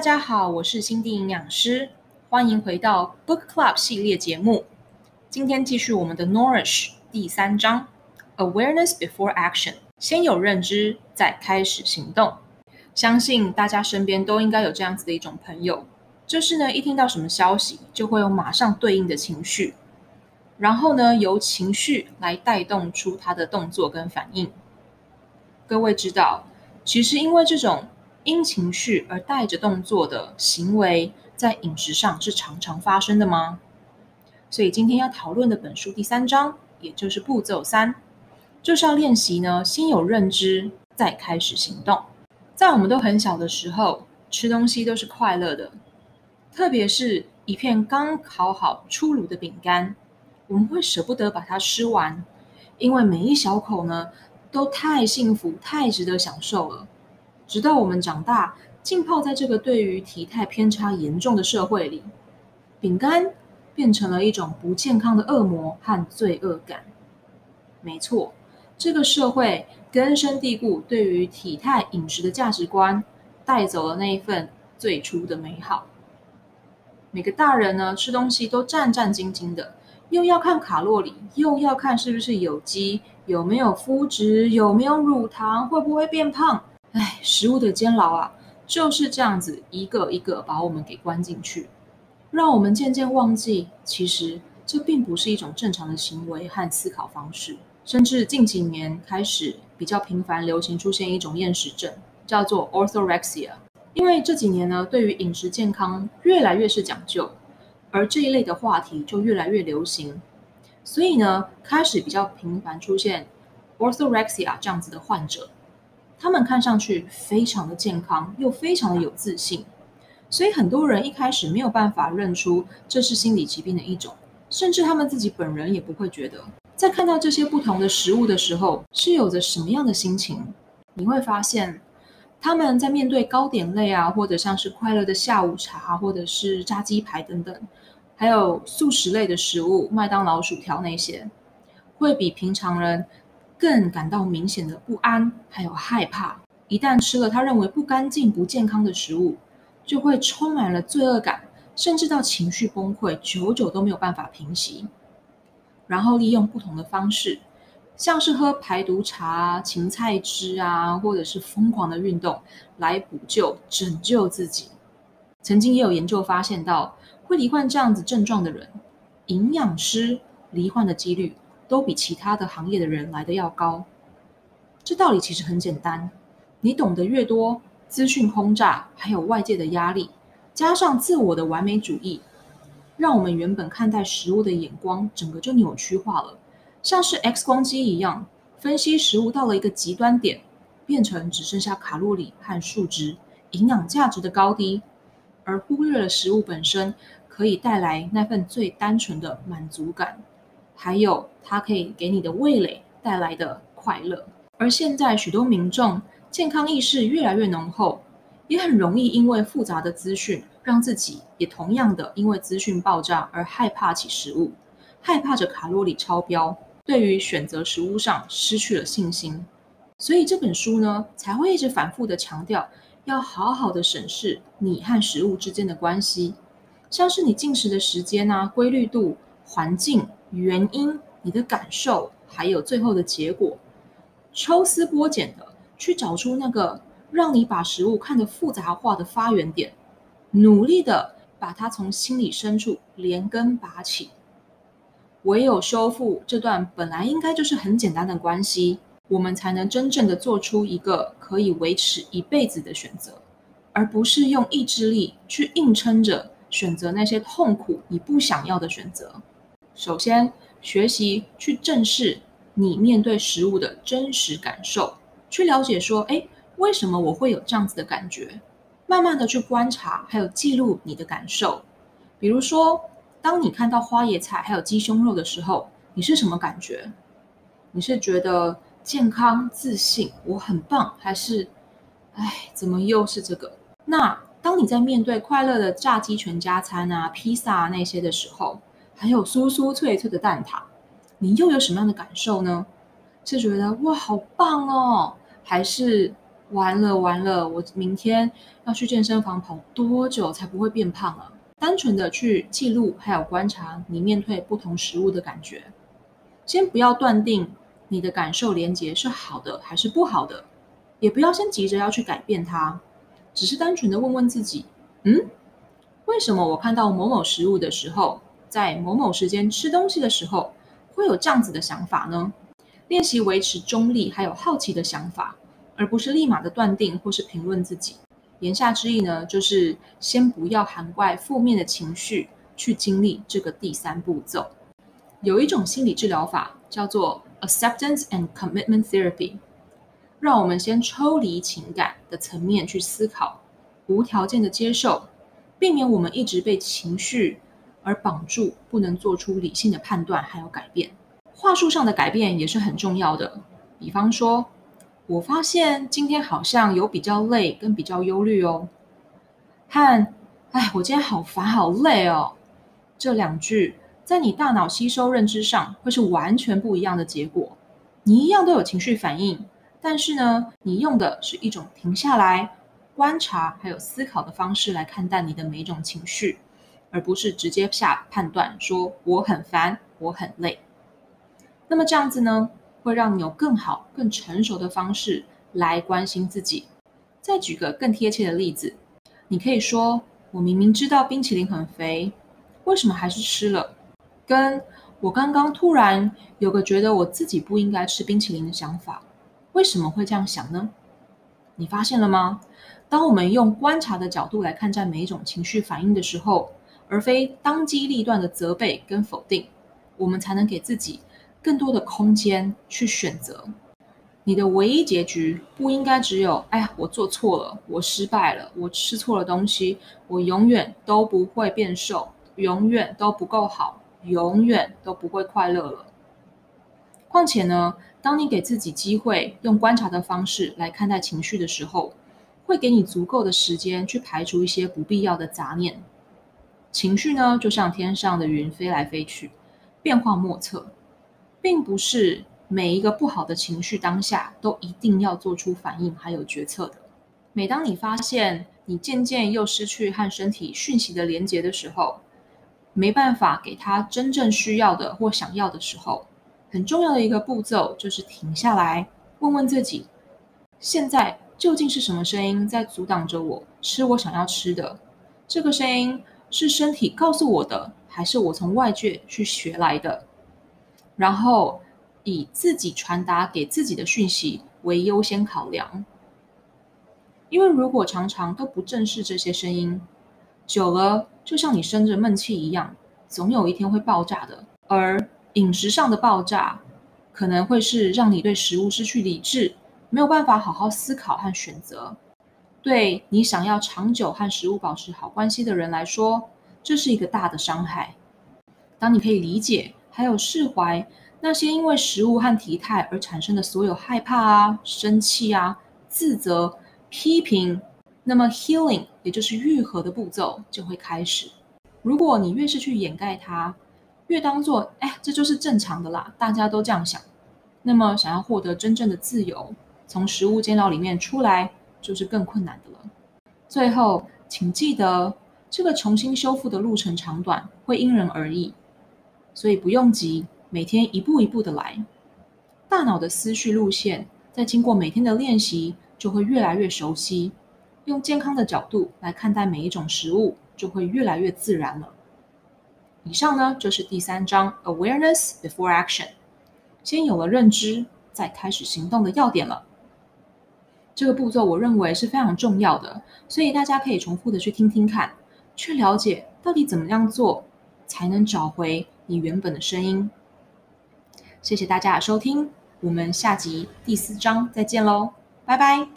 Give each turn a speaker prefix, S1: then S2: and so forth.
S1: 大家好，我是心地營養師，歡迎回到 Book Club 系列節目。今天繼續我們的《Nourish》第三章：Awareness Before Action，先有認知再開始行動。相信大家身邊都應該有這樣子的一種朋友，就是呢，一聽到什麼消息，就會有馬上對應的情緒，然後呢，由情緒來帶動出他的動作跟反應。各位知道，其實因為這種。因情緒而帶着動作的行為，在飲食上是常常發生的嗎？所以今天要討論的本書第三章，也就是步驟三，就是要練習呢，先有認知，再開始行動。在我們都很小的時候，吃東西都是快樂的，特別是一片剛烤好出爐的餅乾，我們會舍不得把它吃完，因為每一小口呢，都太幸福，太值得享受了。直到我們長大，浸泡在這個對於體態偏差嚴重的社會裡，餅乾變成了一種不健康的惡魔和罪惡感。沒錯，這個社會根深蒂固，對於體態、飲食的價值觀，帶走了那一份最初的美好。每個大人呢，吃東西都戰戰兢兢的，又要看卡路里，又要看是不是有機，有沒有麩質，有沒有乳糖，會不會變胖。唉，食物的監牢啊，就是這樣子，一個一個把我們給關進去，讓我們漸漸忘記，其實這並不是一種正常的行為和思考方式。甚至近幾年開始比較頻繁流行出現一種厭食症，叫做 orthorexia。因為這幾年呢，對於飲食健康越來越是講究，而這一類的話題就越來越流行，所以呢，開始比較頻繁出現 orthorexia 這樣子的患者。他們看上去非常的健康，又非常的有自信，所以很多人一開始沒有辦法認出這是心理疾病的一種，甚至他們自己本人也不會覺得，在看到這些不同的食物的時候，是有着什麼樣的心情。你會發現，他們在面對糕點類啊，或者像是快樂的下午茶，或者是炸雞排等等，還有素食類的食物，麥當勞薯條那些，會比平常人，更感到明顯的不安，還有害怕。一旦吃了他認為不乾淨、不健康的食物，就會充滿了罪惡感，甚至到情緒崩潰，久久都沒有辦法平息。然後利用不同的方式，像是喝排毒茶、芹菜汁啊，或者是瘋狂的運動來補救、拯救自己。曾經也有研究發現到，會罹患這樣子症狀的人，營養師罹患的幾率。都比其他的行業的人來得要高，這道理其實很簡單。你懂得越多，資訊轟炸，還有外界的壓力，加上自我的完美主義，讓我們原本看待食物的眼光整個就扭曲化了，像是 X 光機一樣分析食物到了一個極端點，變成只剩下卡路里和數值、營養價值的高低，而忽略了食物本身可以帶來那份最單純的滿足感。還有，它可以給你的味蕾帶來的快樂。而現在，許多民眾健康意識越來越濃厚，也很容易因為複雜的資訊，讓自己也同樣的因為資訊爆炸而害怕起食物，害怕着卡路里超標，對於選擇食物上失去了信心。所以這本書呢，才會一直反覆的強調，要好好的審視你和食物之間的關係，像是你進食的時間啊、規律度、環境。原因、你的感受，還有最後的結果，抽絲剝繭的去找出那個讓你把食物看得複雜化的發源點，努力的把它從心裡深處連根拔起。唯有修復這段本來應該就是很簡單的關係，我們才能真正的做出一個可以維持一輩子的選擇，而不是用意志力去硬撐着選擇那些痛苦你不想要的選擇。首先，學習去正視你面對食物的真實感受，去了解說，哎，為什麼我會有這樣子的感覺？慢慢的去觀察，還有記錄你的感受。比如說，當你看到花椰菜還有雞胸肉的時候，你是什麼感覺？你是覺得健康、自信，我很棒，還是，哎，怎麼又是這個？那當你在面對快樂的炸雞全家餐啊、披薩啊，那些的時候，還有酥酥脆脆的蛋撻，你又有什麼樣的感受呢？是覺得哇好棒哦，還是完了完了，我明天要去健身房跑多久才不會變胖了啊？單純的去記錄還有觀察你面對不同食物的感覺，先不要斷定你的感受連接是好的還是不好的，也不要先急着要去改變它，只是單純的問問自己，嗯，為什麼我看到某某食物的時候，在某某時間吃東西的時候，會有這樣子的想法呢？練習維持中立，還有好奇的想法，而不是立馬的斷定或是評論自己。言下之意呢，就是先不要含怪負面的情緒去經歷這個第三步驟。有一種心理治療法叫做 Acceptance and Commitment Therapy，讓我們先抽離情感的層面去思考，無條件的接受，避免我們一直被情緒，而綁住，不能做出理性的判斷，還有改變話術上的改變也是很重要的。比方說，我發現今天好像有比較累，跟比較憂慮哦。看，哎，我今天好煩，好累哦。這兩句在你大腦吸收認知上會是完全不一樣的結果。你一樣都有情緒反應，但是呢，你用的是一種停下來觀察，還有思考的方式來看待你的每種情緒。而不是直接下判斷，說我很煩，我很累。那麼這樣子呢，會讓你有更好、更成熟的方式來關心自己。再舉個更貼切的例子，你可以說：“我明明知道冰淇淋很肥，為什麼還是吃了？”跟我剛剛突然有個覺得我自己不應該吃冰淇淋的想法，為什麼會這樣想呢？你發現了嗎？當我們用觀察的角度來看待每一種情緒反應的時候，而非當機立斷的責備跟否定，我們才能給自己更多的空間去選擇。你的唯一結局不應該只有“哎呀，我做錯了，我失敗了，我吃錯了東西，我永遠都不會變瘦，永遠都不夠好，永遠都不會快樂了”。況且呢，當你給自己機會用觀察的方式來看待情緒的時候，會給你足夠的時間去排除一些不必要的雜念。情緒呢，就像天上的雲飛來飛去，變幻莫測，並不是每一個不好的情緒當下都一定要做出反應還有決策的。每當你發現你漸漸又失去和身體訊息的連結的時候，沒辦法給他真正需要的或想要的時候，很重要的一個步驟就是停下來，問問自己，現在究竟是什麼聲音在阻擋着我吃我想要吃的這個聲音？是身體告訴我的，還是我從外界去學來的？然後以自己傳達給自己的訊息為優先考量。因為如果常常都不正視這些聲音，久了就像你生着悶氣一樣，總有一天會爆炸的。而飲食上的爆炸，可能會是讓你對食物失去理智，沒有辦法好好思考和選擇。對你想要長久和食物保持好關係的人來說，這是一個大的傷害。當你可以理解，還有釋懷，那些因為食物和體態而產生的所有害怕啊、生氣啊、自責、批評，那麼 healing 也就是愈合的步驟，就會開始。如果你越是去掩蓋它，越當做，哎，這就是正常的啦，大家都這樣想，那麼想要獲得真正的自由，從食物煎熬裡面出來，就是更困難的了。最後，請記得這個重新修復的路程長短會因人而異，所以不用急，每天一步一步的來。大腦的思緒路線在經過每天的練習，就會越來越熟悉。用健康的角度來看待每一種食物，就會越來越自然了。以上呢，就是第三章 “Awareness Before Action”，先有了認知，再開始行動的要點了。這個步驟我認為是非常重要的，所以大家可以重複的去聽聽看，去了解到底怎麼樣做才能找回你原本的聲音。謝謝大家的收聽，我們下集第四章再見嘍，拜拜。